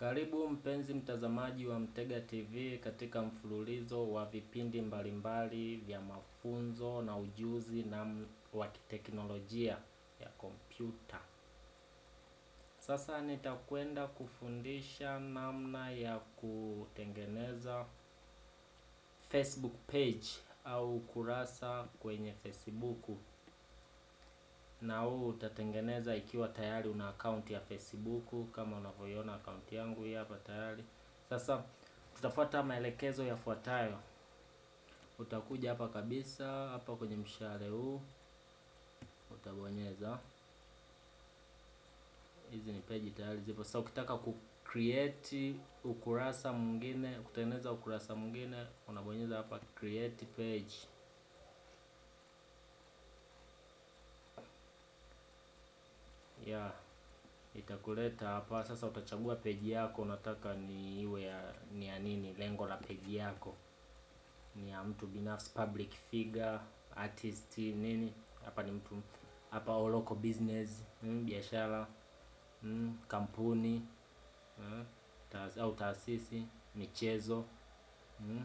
Karibu mpenzi mtazamaji wa Mtega TV katika mfululizo wa vipindi mbalimbali vya mafunzo na ujuzi na wa kiteknolojia ya kompyuta. Sasa nitakwenda kufundisha namna ya kutengeneza Facebook page au kurasa kwenye Facebook na huu utatengeneza ikiwa tayari una account ya Facebook kama unavyoiona account yangu hii hapa tayari. Sasa tutafuata maelekezo yafuatayo. Utakuja hapa kabisa, hapa kwenye mshale huu utabonyeza. Hizi ni peji tayari zipo. Sasa ukitaka ku create ukurasa mwingine, kutengeneza ukurasa mwingine, unabonyeza hapa create page. yeah, itakuleta hapa sasa. Utachagua peji yako unataka ni iwe ya, ni ya nini, lengo la peji yako ni ya mtu binafsi, public figure, artist nini. Hapa ni mtu hapa, local business mm, biashara mm, kampuni mm, taas, au taasisi, michezo mm,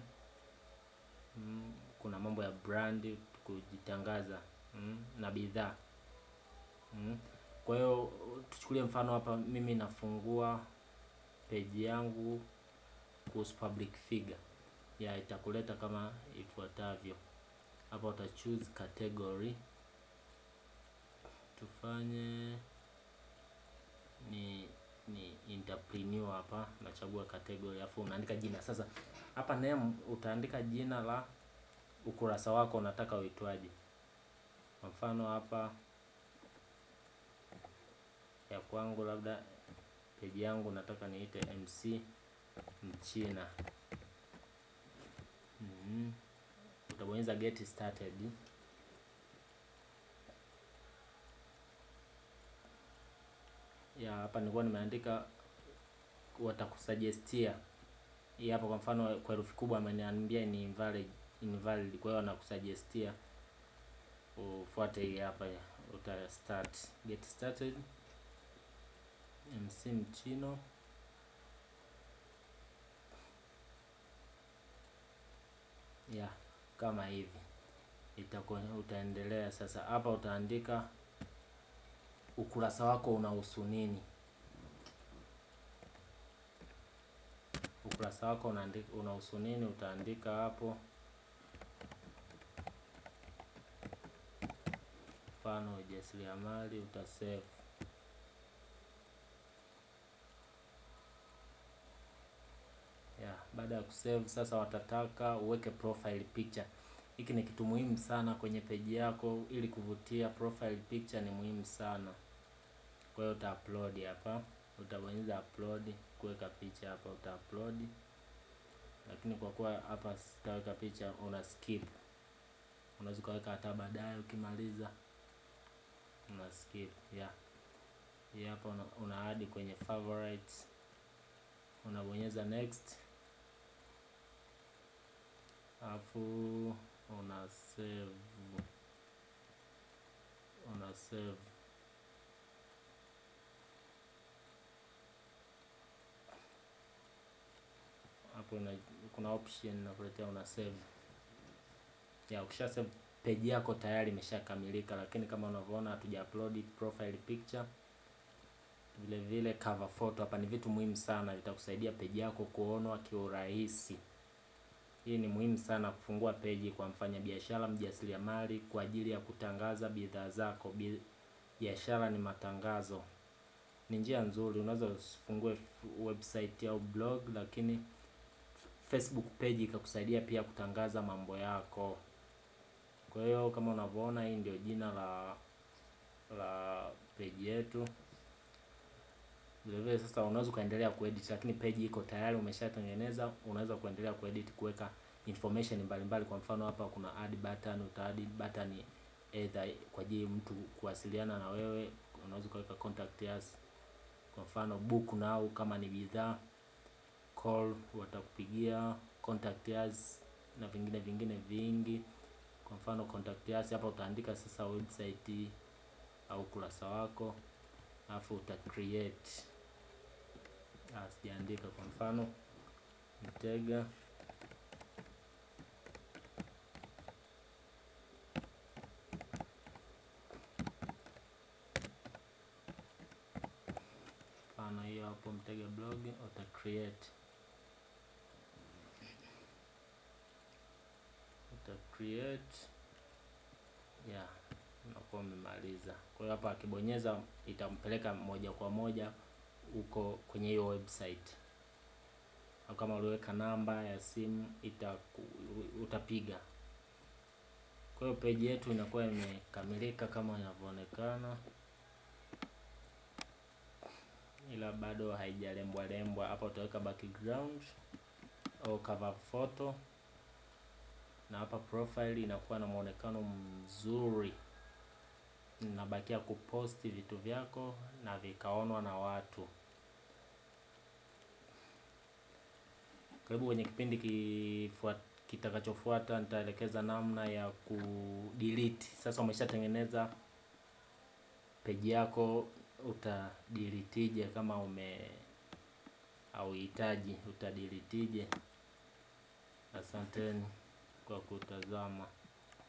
mm, kuna mambo ya brand kujitangaza mm, na bidhaa mm. Kwa hiyo tuchukulie mfano hapa, mimi nafungua peji yangu kuhusu public figure ya itakuleta kama ifuatavyo. Hapa uta choose category, tufanye ni ni entrepreneur hapa, nachagua category alafu unaandika jina. Sasa hapa name utaandika jina la ukurasa wako unataka uitwaje. Kwa mfano hapa ya kwangu, labda peji yangu nataka niite MC Mchina. Mm -hmm. Utabonyeza get started. Ya hapa nilikuwa nimeandika watakusuggestia. Hii hapa kwa mfano kwa herufi kubwa ameniambia ni invalid, invalid. Kwa hiyo anakusuggestia ufuate hii hapa ya uta start get started. MC Mchino ya kama hivi itakuwa utaendelea sasa. Hapa utaandika ukurasa wako unahusu nini, ukurasa wako unahusu nini, utaandika hapo. Mfano ujasiriamali utasave baada ya kusave sasa watataka uweke profile picture. Hiki ni kitu muhimu sana kwenye peji yako ili kuvutia profile picture ni muhimu sana. Kwa hiyo uta upload hapa, utabonyeza upload kuweka picha hapa uta upload. Lakini kwa kuwa hapa sitaweka picha una skip. Unaweza ukaweka hata baadaye ukimaliza una skip yeah. Hii hapa una, una add kwenye favorites. Unabonyeza next alafu una save una save hapo kuna option inakuletea una save ya ukisha save page yako tayari imeshakamilika, lakini kama unavyoona hatuja upload profile picture vile vile cover photo hapa. Ni vitu muhimu sana, vitakusaidia page yako kuonwa kiurahisi. Hii ni muhimu sana kufungua peji kwa mfanyabiashara mjasiriamali kwa ajili ya kutangaza bidhaa zako. Biashara ni matangazo. Ni njia nzuri unaweza usifungue website au blog lakini Facebook page ikakusaidia pia kutangaza mambo yako. Kwa hiyo kama unavyoona hii ndio jina la la peji yetu. Vile vile sasa unaweza kuendelea kuedit, lakini page iko tayari umeshatengeneza, unaweza kuendelea kuedit kuweka information mbalimbali mbali. Kwa mfano hapa kuna add button, uta add button either kwa ajili mtu kuwasiliana na wewe, unaweza kuweka contact us, kwa mfano book now kama ni bidhaa, call watakupigia, contact us na vingine vingine vingi. Kwa mfano contact us hapa utaandika sasa website au kurasa wako, alafu uta create sijaandika kwa mfano Mtega mfano hiyo hapo Mtega blog uta create uta create yeah, unakuwa umemaliza. Kwa hiyo hapa akibonyeza itampeleka moja kwa moja uko kwenye hiyo website, au kama uliweka namba ya simu ita utapiga. Kwa hiyo page yetu inakuwa imekamilika kama inavyoonekana, ila bado haijalembwa lembwa. Hapa utaweka background au cover photo, na hapa profile inakuwa na muonekano mzuri nabakia kuposti vitu vyako na vikaonwa na watu. Karibu kwenye kipindi kitakachofuata nitaelekeza namna ya kudelete. Sasa umeshatengeneza peji yako utadelitije kama ume auhitaji utadelitije. Asanteni kwa kutazama.